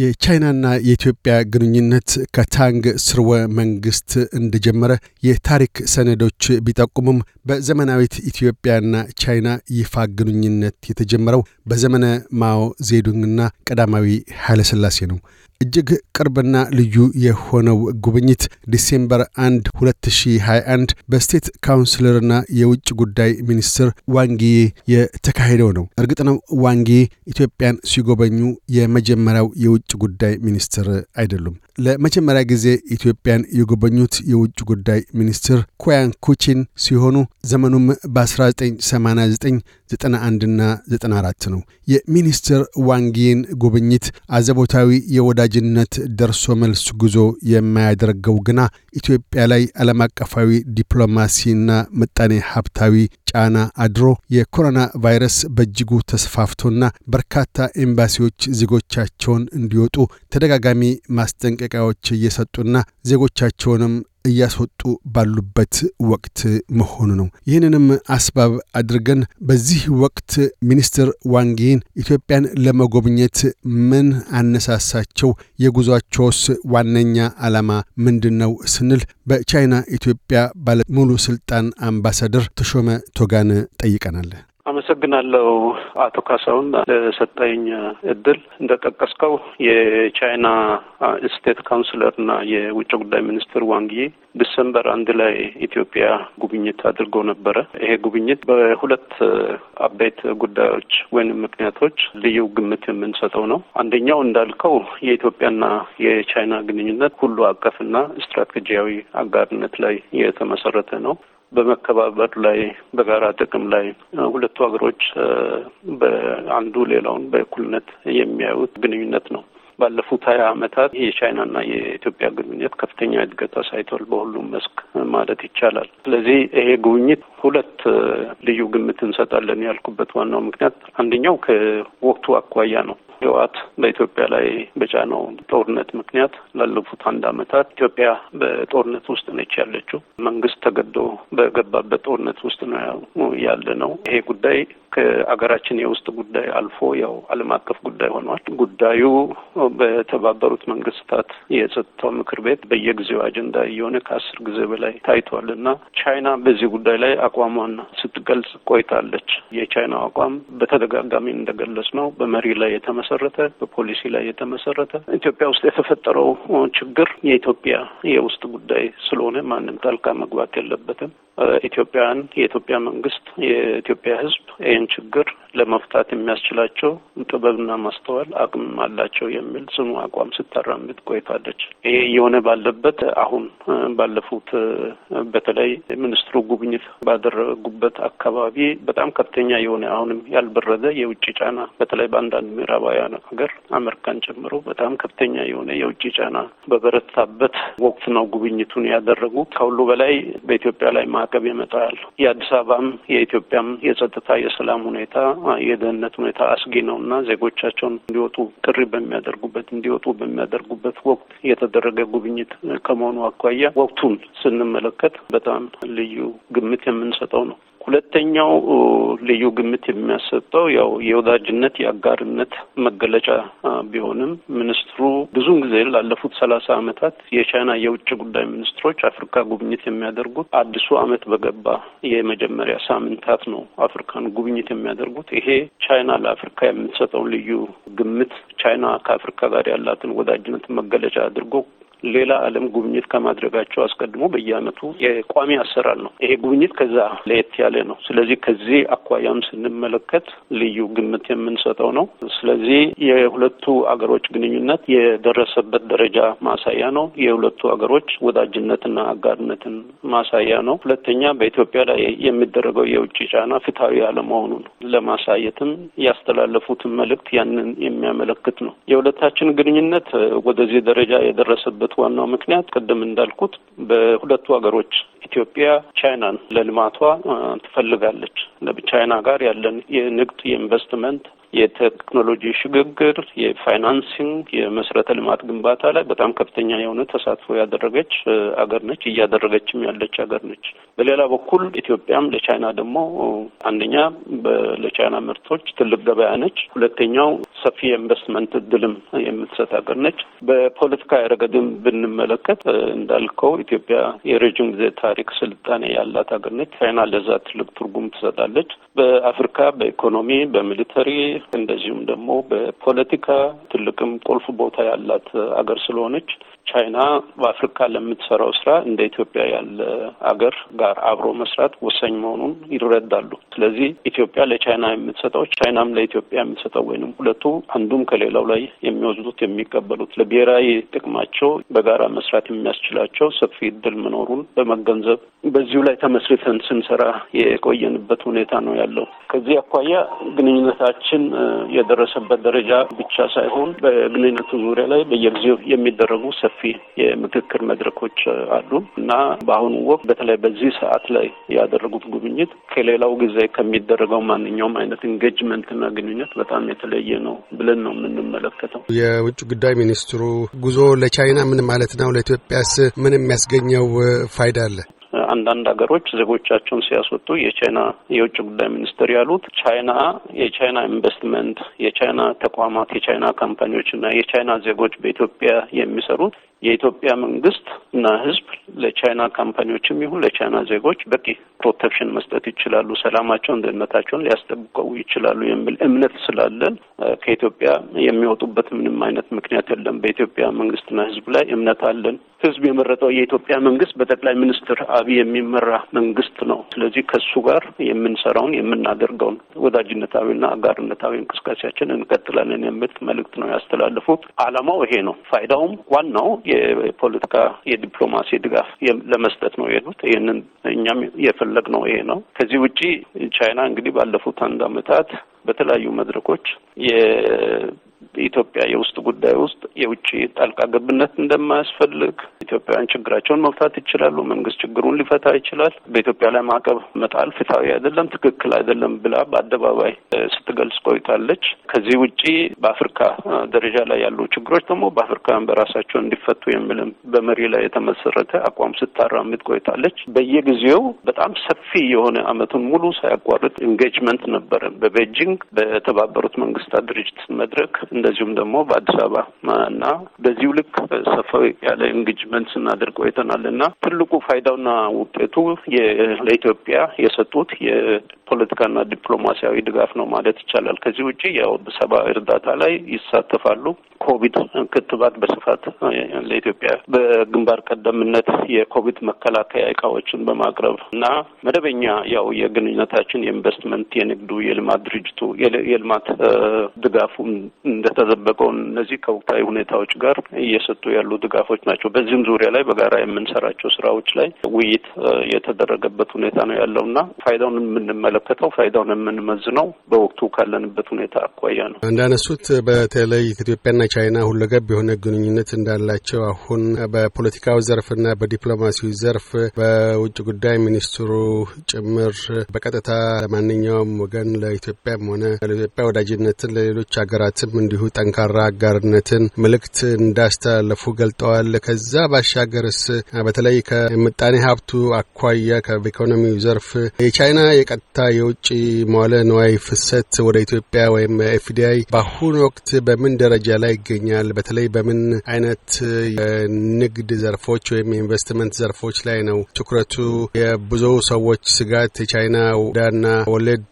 የቻይናና የኢትዮጵያ ግንኙነት ከታንግ ስርወ መንግስት እንደጀመረ የታሪክ ሰነዶች ቢጠቁሙም በዘመናዊት ኢትዮጵያና ቻይና ይፋ ግንኙነት የተጀመረው በዘመነ ማኦ ዜዱንግና ቀዳማዊ ኃይለሥላሴ ነው። እጅግ ቅርብና ልዩ የሆነው ጉብኝት ዲሴምበር 1 2021 በስቴት ካውንስለርና የውጭ ጉዳይ ሚኒስትር ዋንጊዬ የተካሄደው ነው። እርግጥ ነው ዋንጊዬ ኢትዮጵያን ሲጎበኙ የመጀመሪያው የውጭ ጉዳይ ሚኒስትር አይደሉም። ለመጀመሪያ ጊዜ ኢትዮጵያን የጎበኙት የውጭ ጉዳይ ሚኒስትር ኮያን ኩቺን ሲሆኑ ዘመኑም በ1989 91ና 94 ነው። የሚኒስትር ዋንጊን ጉብኝት አዘቦታዊ የወዳጅ ወዳጅነት ደርሶ መልስ ጉዞ የማያደርገው ግና ኢትዮጵያ ላይ ዓለም አቀፋዊ ዲፕሎማሲና ምጣኔ ሀብታዊ ጫና አድሮ የኮሮና ቫይረስ በእጅጉ ተስፋፍቶና በርካታ ኤምባሲዎች ዜጎቻቸውን እንዲወጡ ተደጋጋሚ ማስጠንቀቂያዎች እየሰጡና ዜጎቻቸውንም እያስወጡ ባሉበት ወቅት መሆኑ ነው። ይህንንም አስባብ አድርገን በዚህ ወቅት ሚኒስትር ዋንጊን ኢትዮጵያን ለመጎብኘት ምን አነሳሳቸው? የጉዟቸውስ ዋነኛ ዓላማ ምንድን ነው ስንል በቻይና ኢትዮጵያ ባለሙሉ ስልጣን አምባሳደር ተሾመ ቶጋን ጠይቀናል። አመሰግናለሁ አቶ ካሳሁን ለሰጠኝ እድል። እንደጠቀስከው የቻይና ስቴት ካውንስለርና የውጭ ጉዳይ ሚኒስትር ዋንግዬ ዲሰምበር አንድ ላይ ኢትዮጵያ ጉብኝት አድርገው ነበረ። ይሄ ጉብኝት በሁለት አበይት ጉዳዮች ወይም ምክንያቶች ልዩ ግምት የምንሰጠው ነው። አንደኛው እንዳልከው የኢትዮጵያና የቻይና ግንኙነት ሁሉ አቀፍና ስትራቴጂያዊ አጋርነት ላይ የተመሰረተ ነው። በመከባበር ላይ በጋራ ጥቅም ላይ ሁለቱ ሀገሮች በአንዱ ሌላውን በእኩልነት የሚያዩት ግንኙነት ነው። ባለፉት ሀያ ዓመታት የቻይናና የኢትዮጵያ ግንኙነት ከፍተኛ እድገት አሳይቷል፣ በሁሉም መስክ ማለት ይቻላል። ስለዚህ ይሄ ጉብኝት ሁለት ልዩ ግምት እንሰጣለን ያልኩበት ዋናው ምክንያት አንደኛው ከወቅቱ አኳያ ነው። ህወሓት በኢትዮጵያ ላይ በጫነው ጦርነት ምክንያት ላለፉት አንድ አመታት ኢትዮጵያ በጦርነት ውስጥ ነች ያለችው። መንግስት ተገዶ በገባበት ጦርነት ውስጥ ነው ያለ ነው። ይሄ ጉዳይ ከአገራችን የውስጥ ጉዳይ አልፎ ያው ዓለም አቀፍ ጉዳይ ሆኗል። ጉዳዩ በተባበሩት መንግስታት የጸጥታው ምክር ቤት በየጊዜው አጀንዳ እየሆነ ከአስር ጊዜ በላይ ታይቷል እና ቻይና በዚህ ጉዳይ ላይ አቋሟን ስትገልጽ ቆይታለች። የቻይናው አቋም በተደጋጋሚ እንደገለጽ ነው በመሪ ላይ የተመሰ የተመሰረተ በፖሊሲ ላይ የተመሰረተ ኢትዮጵያ ውስጥ የተፈጠረው ችግር የኢትዮጵያ የውስጥ ጉዳይ ስለሆነ ማንም ጣልቃ መግባት የለበትም። ኢትዮጵያን የኢትዮጵያ መንግስት፣ የኢትዮጵያ ህዝብ ይህን ችግር ለመፍታት የሚያስችላቸው ጥበብና ማስተዋል አቅም አላቸው የሚል ጽኑ አቋም ስታራምድ ቆይታለች። ይሄ እየሆነ ባለበት አሁን ባለፉት በተለይ ሚኒስትሩ ጉብኝት ባደረጉበት አካባቢ በጣም ከፍተኛ የሆነ አሁንም ያልበረደ የውጭ ጫና በተለይ በአንዳንድ ምዕራባውያን ሀገር አሜሪካን ጨምሮ በጣም ከፍተኛ የሆነ የውጭ ጫና በበረታበት ወቅት ነው ጉብኝቱን ያደረጉ ከሁሉ በላይ በኢትዮጵያ ላይ ማዕቀብ ይመጣል። የአዲስ አበባም የኢትዮጵያም የጸጥታ የሰላም ሁኔታ የደህንነት ሁኔታ አስጊ ነው እና ዜጎቻቸውን እንዲወጡ ጥሪ በሚያደርጉበት እንዲወጡ በሚያደርጉበት ወቅት የተደረገ ጉብኝት ከመሆኑ አኳያ ወቅቱን ስንመለከት በጣም ልዩ ግምት የምንሰጠው ነው። ሁለተኛው ልዩ ግምት የሚያሰጠው ያው የወዳጅነት የአጋርነት መገለጫ ቢሆንም ሚኒስትሩ ብዙውን ጊዜ ላለፉት ሰላሳ ዓመታት የቻይና የውጭ ጉዳይ ሚኒስትሮች አፍሪካ ጉብኝት የሚያደርጉት አዲሱ ዓመት በገባ የመጀመሪያ ሳምንታት ነው አፍሪካን ጉብኝት የሚያደርጉት። ይሄ ቻይና ለአፍሪካ የምትሰጠው ልዩ ግምት ቻይና ከአፍሪካ ጋር ያላትን ወዳጅነት መገለጫ አድርጎ ሌላ ዓለም ጉብኝት ከማድረጋቸው አስቀድሞ በየዓመቱ የቋሚ አሰራር ነው። ይሄ ጉብኝት ከዛ ለየት ያለ ነው። ስለዚህ ከዚህ አኳያም ስንመለከት ልዩ ግምት የምንሰጠው ነው። ስለዚህ የሁለቱ አገሮች ግንኙነት የደረሰበት ደረጃ ማሳያ ነው። የሁለቱ አገሮች ወዳጅነትና አጋርነትን ማሳያ ነው። ሁለተኛ በኢትዮጵያ ላይ የሚደረገው የውጭ ጫና ፍትሐዊ አለመሆኑን ለማሳየትም ያስተላለፉትን መልእክት ያንን የሚያመለክት ነው። የሁለታችን ግንኙነት ወደዚህ ደረጃ የደረሰበት የሆነበት ዋናው ምክንያት ቅድም እንዳልኩት በሁለቱ ሀገሮች ኢትዮጵያ ቻይናን ለልማቷ ትፈልጋለች። ቻይና ጋር ያለን የንግድ የኢንቨስትመንት የቴክኖሎጂ ሽግግር፣ የፋይናንሲንግ፣ የመሰረተ ልማት ግንባታ ላይ በጣም ከፍተኛ የሆነ ተሳትፎ ያደረገች አገር ነች፣ እያደረገችም ያለች አገር ነች። በሌላ በኩል ኢትዮጵያም ለቻይና ደግሞ አንደኛ ለቻይና ምርቶች ትልቅ ገበያ ነች፣ ሁለተኛው ሰፊ የኢንቨስትመንት እድልም የምትሰጥ ሀገር ነች። በፖለቲካ ረገድም ብንመለከት እንዳልከው ኢትዮጵያ የረጅም ጊዜ ታሪክ ስልጣኔ ያላት ሀገር ነች። ቻይና ለዛ ትልቅ ትርጉም ትሰጣለች። በአፍሪካ በኢኮኖሚ በሚሊተሪ እንደዚሁም ደግሞ በፖለቲካ ትልቅም ቁልፍ ቦታ ያላት አገር ስለሆነች ቻይና በአፍሪካ ለምትሰራው ስራ እንደ ኢትዮጵያ ያለ አገር ጋር አብሮ መስራት ወሳኝ መሆኑን ይረዳሉ። ስለዚህ ኢትዮጵያ ለቻይና የምትሰጠው፣ ቻይናም ለኢትዮጵያ የምትሰጠው ወይንም ሁለቱ አንዱም ከሌላው ላይ የሚወስዱት የሚቀበሉት ለብሔራዊ ጥቅማቸው በጋራ መስራት የሚያስችላቸው ሰፊ እድል መኖሩን በመገንዘብ በዚሁ ላይ ተመስርተን ስንሰራ የቆየንበት ሁኔታ ነው ያለው። ከዚህ አኳያ ግንኙነታችን የደረሰበት ደረጃ ብቻ ሳይሆን በግንኙነቱ ዙሪያ ላይ በየጊዜው የሚደረጉ ሰፊ የምክክር መድረኮች አሉ እና በአሁኑ ወቅት በተለይ በዚህ ሰዓት ላይ ያደረጉት ጉብኝት ከሌላው ጊዜ ከሚደረገው ማንኛውም አይነት ኢንጌጅመንትና ግንኙነት በጣም የተለየ ነው ብለን ነው የምንመለከተው። የውጭ ጉዳይ ሚኒስትሩ ጉዞ ለቻይና ምን ማለት ነው? ለኢትዮጵያስ ምን የሚያስገኘው ፋይዳ አለ? አንዳንድ ሀገሮች ዜጎቻቸውን ሲያስወጡ የቻይና የውጭ ጉዳይ ሚኒስትር ያሉት ቻይና የቻይና ኢንቨስትመንት፣ የቻይና ተቋማት፣ የቻይና ካምፓኒዎች እና የቻይና ዜጎች በኢትዮጵያ የሚሰሩት የኢትዮጵያ መንግስት እና ሕዝብ ለቻይና ካምፓኒዎችም ይሁን ለቻይና ዜጎች በቂ ፕሮቴክሽን መስጠት ይችላሉ፣ ሰላማቸውን፣ ደህንነታቸውን ሊያስጠብቀው ይችላሉ የሚል እምነት ስላለን ከኢትዮጵያ የሚወጡበት ምንም አይነት ምክንያት የለም። በኢትዮጵያ መንግስትና ሕዝብ ላይ እምነት አለን። ህዝብ የመረጠው የኢትዮጵያ መንግስት በጠቅላይ ሚኒስትር አብይ የሚመራ መንግስት ነው። ስለዚህ ከሱ ጋር የምንሰራውን የምናደርገውን ወዳጅነታዊና አጋርነታዊ እንቅስቃሴያችን እንቀጥላለን የሚል መልእክት ነው ያስተላለፉት። አላማው ይሄ ነው። ፋይዳውም ዋናው የፖለቲካ የዲፕሎማሲ ድጋፍ ለመስጠት ነው የሄዱት። ይህንን እኛም የፈለግነው ይሄ ነው። ከዚህ ውጪ ቻይና እንግዲህ ባለፉት አንድ አመታት በተለያዩ መድረኮች በኢትዮጵያ የውስጥ ጉዳይ ውስጥ የውጭ ጣልቃ ገብነት እንደማያስፈልግ፣ ኢትዮጵያውያን ችግራቸውን መፍታት ይችላሉ፣ መንግስት ችግሩን ሊፈታ ይችላል፣ በኢትዮጵያ ላይ ማዕቀብ መጣል ፍትሐዊ አይደለም፣ ትክክል አይደለም ብላ በአደባባይ ስትገልጽ ቆይታለች። ከዚህ ውጪ በአፍሪካ ደረጃ ላይ ያሉ ችግሮች ደግሞ በአፍሪካውያን በራሳቸው እንዲፈቱ የሚልም በመሪ ላይ የተመሰረተ አቋም ስታራምድ ቆይታለች። በየጊዜው በጣም ሰፊ የሆነ አመቱን ሙሉ ሳያቋርጥ ኢንጌጅመንት ነበረ በቤጂንግ በተባበሩት መንግስታት ድርጅት መድረክ እንደዚሁም ደግሞ በአዲስ አበባ እና በዚሁ ልክ ሰፋ ያለ ኢንግጅመንት ስናደርግ ቆይተናል እና ትልቁ ፋይዳውና ውጤቱ ለኢትዮጵያ የሰጡት የፖለቲካና ዲፕሎማሲያዊ ድጋፍ ነው ማለት ይቻላል። ከዚህ ውጭ ያው ሰብአዊ እርዳታ ላይ ይሳተፋሉ። ኮቪድ ክትባት በስፋት ለኢትዮጵያ በግንባር ቀደምነት የኮቪድ መከላከያ እቃዎችን በማቅረብ እና መደበኛ ያው የግንኙነታችን የኢንቨስትመንት፣ የንግዱ፣ የልማት ድርጅቱ የልማት ድጋፉ እንደተጠበቀው እነዚህ ከወቅታዊ ሁኔታዎች ጋር ጋር እየሰጡ ያሉ ድጋፎች ናቸው። በዚህም ዙሪያ ላይ በጋራ የምንሰራቸው ስራዎች ላይ ውይይት የተደረገበት ሁኔታ ነው ያለው እና ፋይዳውን የምንመለከተው ፋይዳውን የምንመዝነው በወቅቱ ካለንበት ሁኔታ አኳያ ነው። እንዳነሱት በተለይ ኢትዮጵያና ቻይና ሁለገብ የሆነ ግንኙነት እንዳላቸው አሁን በፖለቲካው ዘርፍና በዲፕሎማሲው ዘርፍ በውጭ ጉዳይ ሚኒስትሩ ጭምር በቀጥታ ለማንኛውም ወገን ለኢትዮጵያም ሆነ ለኢትዮጵያ ወዳጅነትን ለሌሎች ሀገራትም እንዲሁ ጠንካራ አጋርነትን ምልክት እንዳስተላለፉ ገልጠዋል። ከዛ ባሻገርስ በተለይ ከምጣኔ ሀብቱ አኳያ ከኢኮኖሚው ዘርፍ የቻይና የቀጥታ የውጭ መዋለ ንዋይ ፍሰት ወደ ኢትዮጵያ ወይም ኤፍዲአይ በአሁኑ ወቅት በምን ደረጃ ላይ ይገኛል? በተለይ በምን አይነት የንግድ ዘርፎች ወይም የኢንቨስትመንት ዘርፎች ላይ ነው ትኩረቱ? የብዙ ሰዎች ስጋት የቻይና ዕዳና ወለድ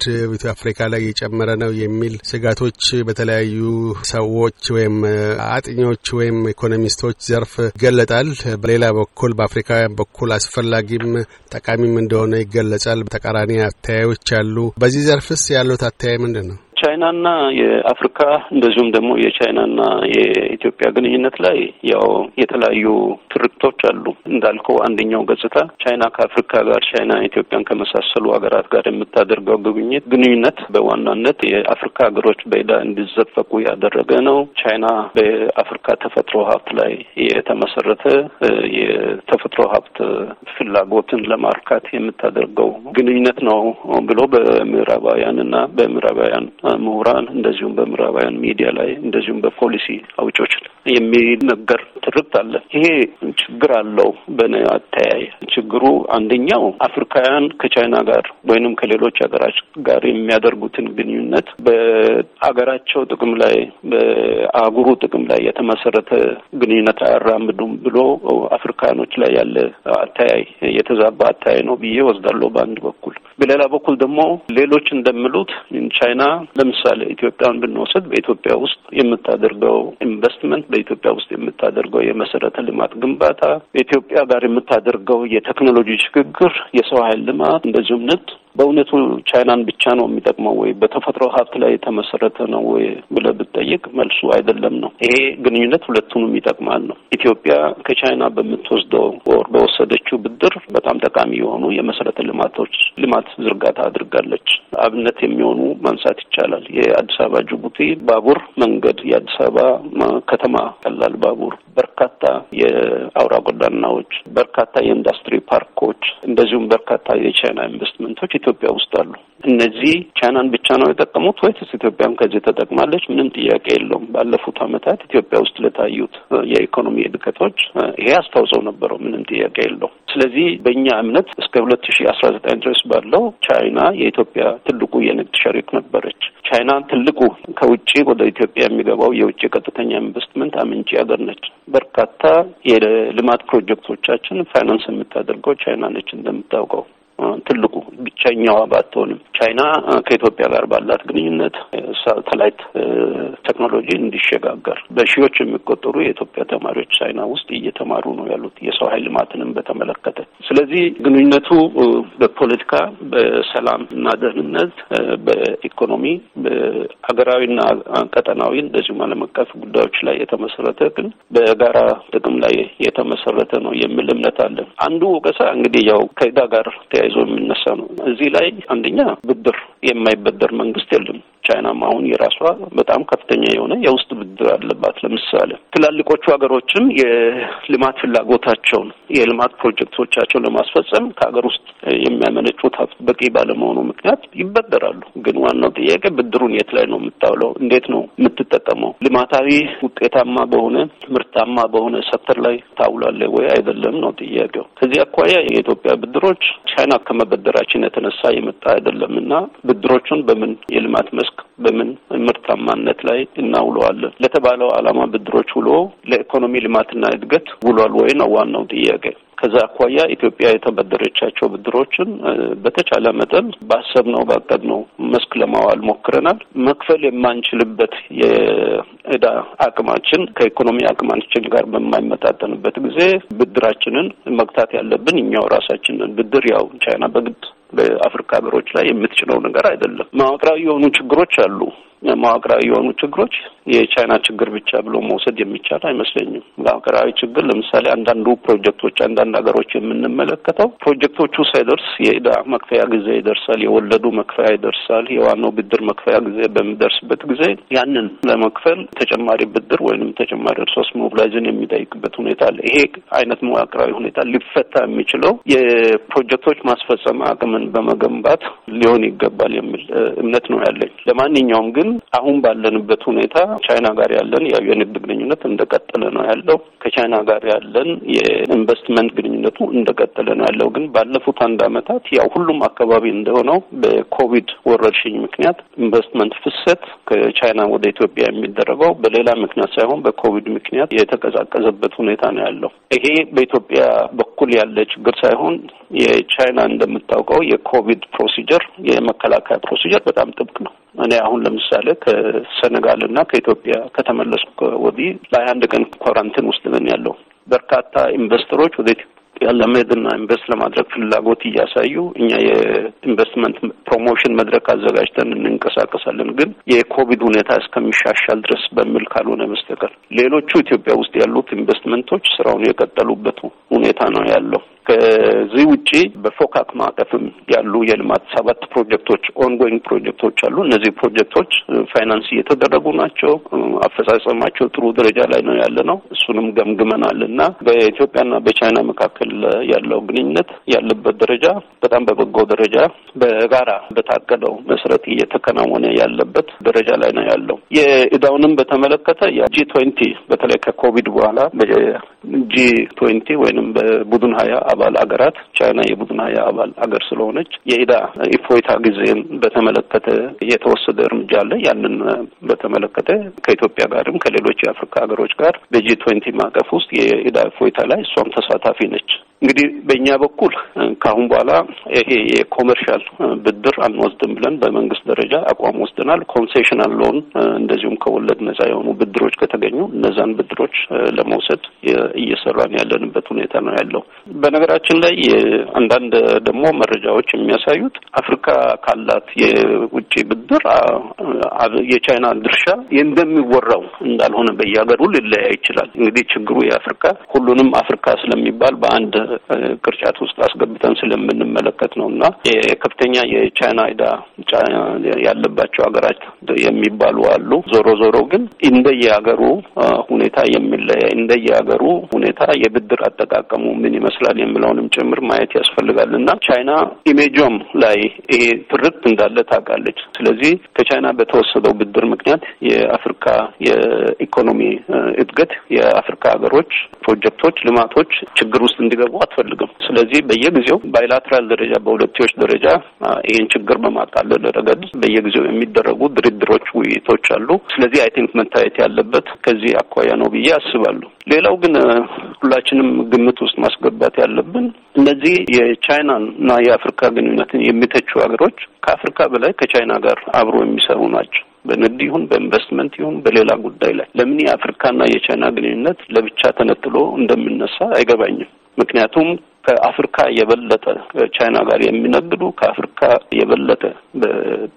አፍሪካ ላይ እየጨመረ ነው የሚል ስጋቶች በተለያዩ ሰዎች ወይም አጥኞች ወይም ኢኮኖሚስቶች ዘርፍ ይገለጣል። በሌላ በኩል በአፍሪካውያን በኩል አስፈላጊም ጠቃሚም እንደሆነ ይገለጻል። ተቃራኒ አተያዮች አሉ። በዚህ ዘርፍስ ያሉት አተያይ ምንድን ነው? የቻይናና የአፍሪካ እንደዚሁም ደግሞ የቻይናና የኢትዮጵያ ግንኙነት ላይ ያው የተለያዩ ትርክቶች አሉ። እንዳልከው አንደኛው ገጽታ ቻይና ከአፍሪካ ጋር ቻይና ኢትዮጵያን ከመሳሰሉ ሀገራት ጋር የምታደርገው ግብኝት ግንኙነት በዋናነት የአፍሪካ ሀገሮች በዕዳ እንዲዘፈቁ ያደረገ ነው። ቻይና በአፍሪካ ተፈጥሮ ሀብት ላይ የተመሰረተ የተፈጥሮ ሀብት ፍላጎትን ለማርካት የምታደርገው ግንኙነት ነው ብሎ በምዕራባውያን እና በምዕራባውያን ምሁራን እንደዚሁም በምዕራባውያን ሚዲያ ላይ እንደዚሁም በፖሊሲ አውጮች የሚነገር ትርክት አለ። ይሄ ችግር አለው። በእኔ አተያይ ችግሩ አንደኛው አፍሪካውያን ከቻይና ጋር ወይንም ከሌሎች ሀገራች ጋር የሚያደርጉትን ግንኙነት በአገራቸው ጥቅም ላይ በአህጉሩ ጥቅም ላይ የተመሰረተ ግንኙነት አያራምዱም ብሎ አፍሪካኖች ላይ ያለ አተያይ የተዛባ አተያይ ነው ብዬ ወስዳለሁ በአንድ በኩል በሌላ በኩል ደግሞ ሌሎች እንደሚሉት ቻይና ለምሳሌ ኢትዮጵያን ብንወስድ በኢትዮጵያ ውስጥ የምታደርገው ኢንቨስትመንት፣ በኢትዮጵያ ውስጥ የምታደርገው የመሰረተ ልማት ግንባታ፣ በኢትዮጵያ ጋር የምታደርገው የቴክኖሎጂ ሽግግር፣ የሰው ኃይል ልማት እንደዚሁም ንግድ በእውነቱ ቻይናን ብቻ ነው የሚጠቅመው ወይ በተፈጥሮ ሀብት ላይ የተመሰረተ ነው ወይ ብለህ ብትጠይቅ መልሱ አይደለም ነው። ይሄ ግንኙነት ሁለቱንም ይጠቅማል ነው። ኢትዮጵያ ከቻይና በምትወስደው ወር በወሰደችው ብድር በጣም ጠቃሚ የሆኑ የመሰረተ ልማቶች ልማት ዝርጋታ አድርጋለች። አብነት የሚሆኑ ማንሳት ይቻላል። የአዲስ አበባ ጅቡቲ ባቡር መንገድ፣ የአዲስ አበባ ከተማ ቀላል ባቡር፣ በርካታ የአውራ ጎዳናዎች፣ በርካታ የኢንዱስትሪ ፓርኮች እንደዚሁም በርካታ የቻይና ኢንቨስትመንቶች ኢትዮጵያ ውስጥ አሉ። እነዚህ ቻይናን ብቻ ነው የጠቀሙት ወይስ ኢትዮጵያም ከዚህ ተጠቅማለች? ምንም ጥያቄ የለውም። ባለፉት ዓመታት ኢትዮጵያ ውስጥ ለታዩት የኢኮኖሚ እድገቶች ይሄ አስተዋጽኦ ነበረው። ምንም ጥያቄ የለውም። ስለዚህ በእኛ እምነት እስከ ሁለት ሺ አስራ ዘጠኝ ድረስ ባለው ቻይና የኢትዮጵያ ትልቁ የንግድ ሸሪክ ነበረች። ቻይና ትልቁ ከውጭ ወደ ኢትዮጵያ የሚገባው የውጭ ቀጥተኛ ኢንቨስትመንት አምንጭ ሀገር ነች። በርካታ የልማት ፕሮጀክቶቻችን ፋይናንስ የምታደርገው ቻይና ነች እንደምታውቀው ትልቁ ብቸኛዋ ባትሆንም ቻይና ከኢትዮጵያ ጋር ባላት ግንኙነት ሳተላይት ቴክኖሎጂ እንዲሸጋገር በሺዎች የሚቆጠሩ የኢትዮጵያ ተማሪዎች ቻይና ውስጥ እየተማሩ ነው ያሉት የሰው ኃይል ልማትንም በተመለከተ። ስለዚህ ግንኙነቱ በፖለቲካ፣ በሰላም እና ደህንነት፣ በኢኮኖሚ፣ በሀገራዊና ቀጠናዊ እንደዚሁም ዓለም አቀፍ ጉዳዮች ላይ የተመሰረተ ግን በጋራ ጥቅም ላይ የተመሰረተ ነው የሚል እምነት አለን። አንዱ ወቀሳ እንግዲህ ያው ከዳ ጋር ተያይ ተያይዞ የሚነሳ ነው። እዚህ ላይ አንደኛ ብድር የማይበደር መንግስት የለም። ቻይናም አሁን የራሷ በጣም ከፍተኛ የሆነ የውስጥ ብድር አለባት። ለምሳሌ ትላልቆቹ ሀገሮችም የልማት ፍላጎታቸውን የልማት ፕሮጀክቶቻቸውን ለማስፈጸም ከሀገር ውስጥ የሚያመነጩት ሀብት በቂ ባለመሆኑ ምክንያት ይበደራሉ። ግን ዋናው ጥያቄ ብድሩን የት ላይ ነው የምታውለው? እንዴት ነው የምትጠቀመው? ልማታዊ ውጤታማ በሆነ ምርታማ በሆነ ሰክተር ላይ ታውላለ ወይ አይደለም ነው ጥያቄው። ከዚህ አኳያ የኢትዮጵያ ብድሮች ቻይና ከመበደራችን የተነሳ የመጣ አይደለም እና ብድሮቹን በምን የልማት መስክ በምን ምርታማነት ላይ እናውለዋለን ለተባለው ዓላማ ብድሮች ውሎ ለኢኮኖሚ ልማትና እድገት ውሏል ወይ ነው ዋናው ጥያቄ። ከዛ አኳያ ኢትዮጵያ የተበደረቻቸው ብድሮችን በተቻለ መጠን ባሰብነው ባቀድነው መስክ ለማዋል ሞክረናል። መክፈል የማንችልበት የእዳ አቅማችን ከኢኮኖሚ አቅማችን ጋር በማይመጣጠንበት ጊዜ ብድራችንን መግታት ያለብን እኛው ራሳችንን ብድር ያው ቻይና በግድ በአፍሪካ ሀገሮች ላይ የምትችለው ነገር አይደለም። መዋቅራዊ የሆኑ ችግሮች አሉ። መዋቅራዊ የሆኑ ችግሮች የቻይና ችግር ብቻ ብሎ መውሰድ የሚቻል አይመስለኝም። መዋቅራዊ ችግር ለምሳሌ አንዳንዱ ፕሮጀክቶች፣ አንዳንድ ሀገሮች የምንመለከተው ፕሮጀክቶቹ ሳይደርስ የዕዳ መክፈያ ጊዜ ይደርሳል፣ የወለዱ መክፈያ ይደርሳል። የዋናው ብድር መክፈያ ጊዜ በሚደርስበት ጊዜ ያንን ለመክፈል ተጨማሪ ብድር ወይም ተጨማሪ ሪሶርስ ሞቢላይዝን የሚጠይቅበት ሁኔታ አለ። ይሄ አይነት መዋቅራዊ ሁኔታ ሊፈታ የሚችለው የፕሮጀክቶች ማስፈጸም አቅምን በመገንባት ሊሆን ይገባል የሚል እምነት ነው ያለኝ። ለማንኛውም ግን ግን አሁን ባለንበት ሁኔታ ቻይና ጋር ያለን የንግድ ግንኙነት እንደቀጠለ ነው ያለው። ከቻይና ጋር ያለን የኢንቨስትመንት ግንኙነቱ እንደቀጠለ ነው ያለው። ግን ባለፉት አንድ አመታት ያው ሁሉም አካባቢ እንደሆነው በኮቪድ ወረርሽኝ ምክንያት ኢንቨስትመንት ፍሰት ከቻይና ወደ ኢትዮጵያ የሚደረገው በሌላ ምክንያት ሳይሆን በኮቪድ ምክንያት የተቀዛቀዘበት ሁኔታ ነው ያለው። ይሄ በኢትዮጵያ በኩል ያለ ችግር ሳይሆን የቻይና እንደምታውቀው የኮቪድ ፕሮሲጀር የመከላከያ ፕሮሲጀር በጣም ጥብቅ ነው። እኔ አሁን ለምሳሌ ከሰነጋል እና ከኢትዮጵያ ከተመለስኩ ወዲህ ለሀያ አንድ ቀን ኳራንቲን ውስጥ ነን ያለው። በርካታ ኢንቨስተሮች ወደ ኢትዮጵያ ለመሄድና ኢንቨስት ለማድረግ ፍላጎት እያሳዩ እኛ የኢንቨስትመንት ፕሮሞሽን መድረክ አዘጋጅተን እንንቀሳቀሳለን፣ ግን የኮቪድ ሁኔታ እስከሚሻሻል ድረስ በሚል ካልሆነ በስተቀር ሌሎቹ ኢትዮጵያ ውስጥ ያሉት ኢንቨስትመንቶች ስራውን የቀጠሉበት ነው። ሁኔታ ነው ያለው። ከዚህ ውጪ በፎካክ ማዕቀፍም ያሉ የልማት ሰባት ፕሮጀክቶች ኦንጎይንግ ፕሮጀክቶች አሉ። እነዚህ ፕሮጀክቶች ፋይናንስ እየተደረጉ ናቸው። አፈጻጸማቸው ጥሩ ደረጃ ላይ ነው ያለ ነው። እሱንም ገምግመናል እና በኢትዮጵያና በቻይና መካከል ያለው ግንኙነት ያለበት ደረጃ በጣም በበጎ ደረጃ በጋራ በታቀደው መሰረት እየተከናወነ ያለበት ደረጃ ላይ ነው ያለው። የእዳውንም በተመለከተ ጂ ትዌንቲ በተለይ ከኮቪድ በኋላ ጂ ትዌንቲ ወይንም በቡድን ሀያ አባል አገራት ቻይና የቡድን ሀያ አባል አገር ስለሆነች የኢዳ ኢፎይታ ጊዜን በተመለከተ የተወሰደ እርምጃ አለ። ያንን በተመለከተ ከኢትዮጵያ ጋርም ከሌሎች የአፍሪካ ሀገሮች ጋር በጂ ትዌንቲ ማዕቀፍ ውስጥ የኢዳ ኢፎይታ ላይ እሷም ተሳታፊ ነች። እንግዲህ በእኛ በኩል ከአሁን በኋላ ይሄ የኮመርሻል ብድር አንወስድም ብለን በመንግስት ደረጃ አቋም ወስደናል። ኮንሴሽናል ሎን እንደዚሁም ከወለድ ነጻ የሆኑ ብድሮች ከተገኙ እነዛን ብድሮች ለመውሰድ እየሰራን ያለንበት ሁኔታ ነው ያለው። በነገራችን ላይ አንዳንድ ደግሞ መረጃዎች የሚያሳዩት አፍሪካ ካላት የውጭ ብድር የቻይና ድርሻ እንደሚወራው እንዳልሆነ በየሀገሩ ሊለያይ ይችላል። እንግዲህ ችግሩ የአፍሪካ ሁሉንም አፍሪካ ስለሚባል በአንድ ቅርጫት ውስጥ አስገብተን ስለምንመለከት ነው እና ከፍተኛ የቻይና ዕዳ ያለባቸው ሀገራት የሚባሉ አሉ። ዞሮ ዞሮ ግን እንደየሀገሩ ሁኔታ የሚለያ እንደየሀገሩ ሁኔታ የብድር አጠቃቀሙ ምን ይመስላል የሚለውንም ጭምር ማየት ያስፈልጋል እና ቻይና ኢሜጆም ላይ ይሄ ትርክት እንዳለ ታውቃለች። ስለዚህ ከቻይና በተወሰደው ብድር ምክንያት የአፍሪካ የኢኮኖሚ እድገት የአፍሪካ ሀገሮች ፕሮጀክቶች፣ ልማቶች ችግር ውስጥ እንዲገቡ አትፈልግም። ስለዚህ በየጊዜው ባይላትራል ደረጃ በሁለትዮሽ ደረጃ ይህን ችግር በማቃለል ረገድ በየጊዜው የሚደረጉ ድርድሮች፣ ውይይቶች አሉ። ስለዚህ አይ ቲንክ መታየት ያለበት ከዚህ አኳያ ነው ብዬ አስባለሁ። ሌላው ግን ሁላችንም ግምት ውስጥ ማስገባት ያለብን እነዚህ የቻይና ና የአፍሪካ ግንኙነትን የሚተቹ ሀገሮች ከአፍሪካ በላይ ከቻይና ጋር አብሮ የሚሰሩ ናቸው። በንግድ ይሁን በኢንቨስትመንት ይሁን በሌላ ጉዳይ ላይ ለምን የአፍሪካና የቻይና ግንኙነት ለብቻ ተነጥሎ እንደሚነሳ አይገባኝም። ምክንያቱም ከአፍሪካ የበለጠ ቻይና ጋር የሚነግዱ ከአፍሪካ የበለጠ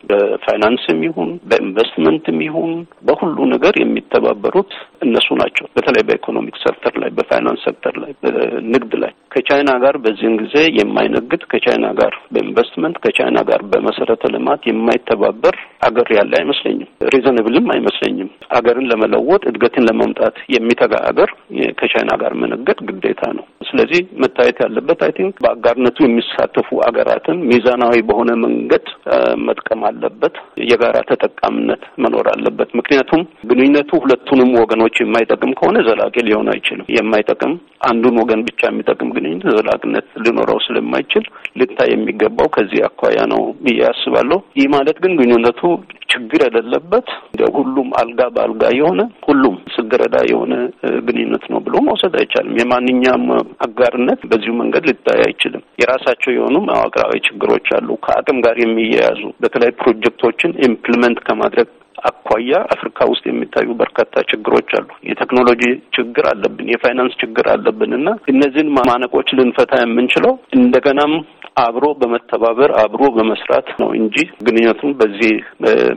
በፋይናንስም ይሁን በኢንቨስትመንትም ይሁን በሁሉ ነገር የሚተባበሩት እነሱ ናቸው። በተለይ በኢኮኖሚክ ሰክተር ላይ፣ በፋይናንስ ሰክተር ላይ፣ በንግድ ላይ ከቻይና ጋር በዚህን ጊዜ የማይነግድ ከቻይና ጋር በኢንቨስትመንት ከቻይና ጋር በመሰረተ ልማት የማይተባበር አገር ያለ አይመስለኝም። ሪዘንብልም አይመስለኝም። አገርን ለመለወጥ እድገትን ለማምጣት የሚተጋ አገር ከቻይና ጋር መነገድ ግዴታ ነው። ስለዚህ መታየት ያለበት አይ ቲንክ በአጋርነቱ የሚሳተፉ አገራትን ሚዛናዊ በሆነ መንገድ መጥቀም አለበት። የጋራ ተጠቃሚነት መኖር አለበት። ምክንያቱም ግንኙነቱ ሁለቱንም ወገኖች የማይጠቅም ከሆነ ዘላቂ ሊሆን አይችልም። የማይጠቅም አንዱን ወገን ብቻ የሚጠቅም ግንኙነት ዘላቂነት ሊኖረው ስለማይችል ልታይ የሚገባው ከዚህ አኳያ ነው ብዬ አስባለሁ። ይህ ማለት ግን ግንኙነቱ ችግር የሌለበት ሁሉም አልጋ በአልጋ የሆነ ሁሉም ስግረዳ የሆነ ግንኙነት ነው ብሎ መውሰድ አይቻልም። የማንኛውም አጋርነት በዚሁ መንገድ ሊታይ አይችልም። የራሳቸው የሆኑ መዋቅራዊ ችግሮች አሉ፣ ከአቅም ጋር የሚያያዙ በተለይ ፕሮጀክቶችን ኢምፕሊመንት ከማድረግ አኳያ አፍሪካ ውስጥ የሚታዩ በርካታ ችግሮች አሉ። የቴክኖሎጂ ችግር አለብን፣ የፋይናንስ ችግር አለብን እና እነዚህን ማነቆች ልንፈታ የምንችለው እንደገናም አብሮ በመተባበር አብሮ በመስራት ነው እንጂ ግንኙነቱን በዚህ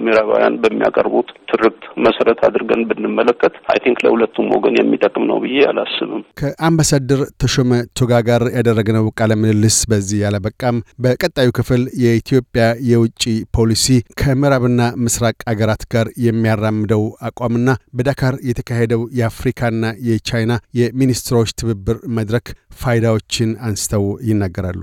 ምዕራባውያን በሚያቀርቡት ትርክት መሰረት አድርገን ብንመለከት አይ ቲንክ ለሁለቱም ወገን የሚጠቅም ነው ብዬ አላስብም። ከአምባሳደር ተሾመ ቱጋ ጋር ያደረግነው ቃለ ምልልስ በዚህ ያለበቃም። በቀጣዩ ክፍል የኢትዮጵያ የውጭ ፖሊሲ ከምዕራብና ምስራቅ አገራት ጋር የሚያራምደው አቋምና በዳካር የተካሄደው የአፍሪካና የቻይና የሚኒስትሮች ትብብር መድረክ ፋይዳዎችን አንስተው ይናገራሉ።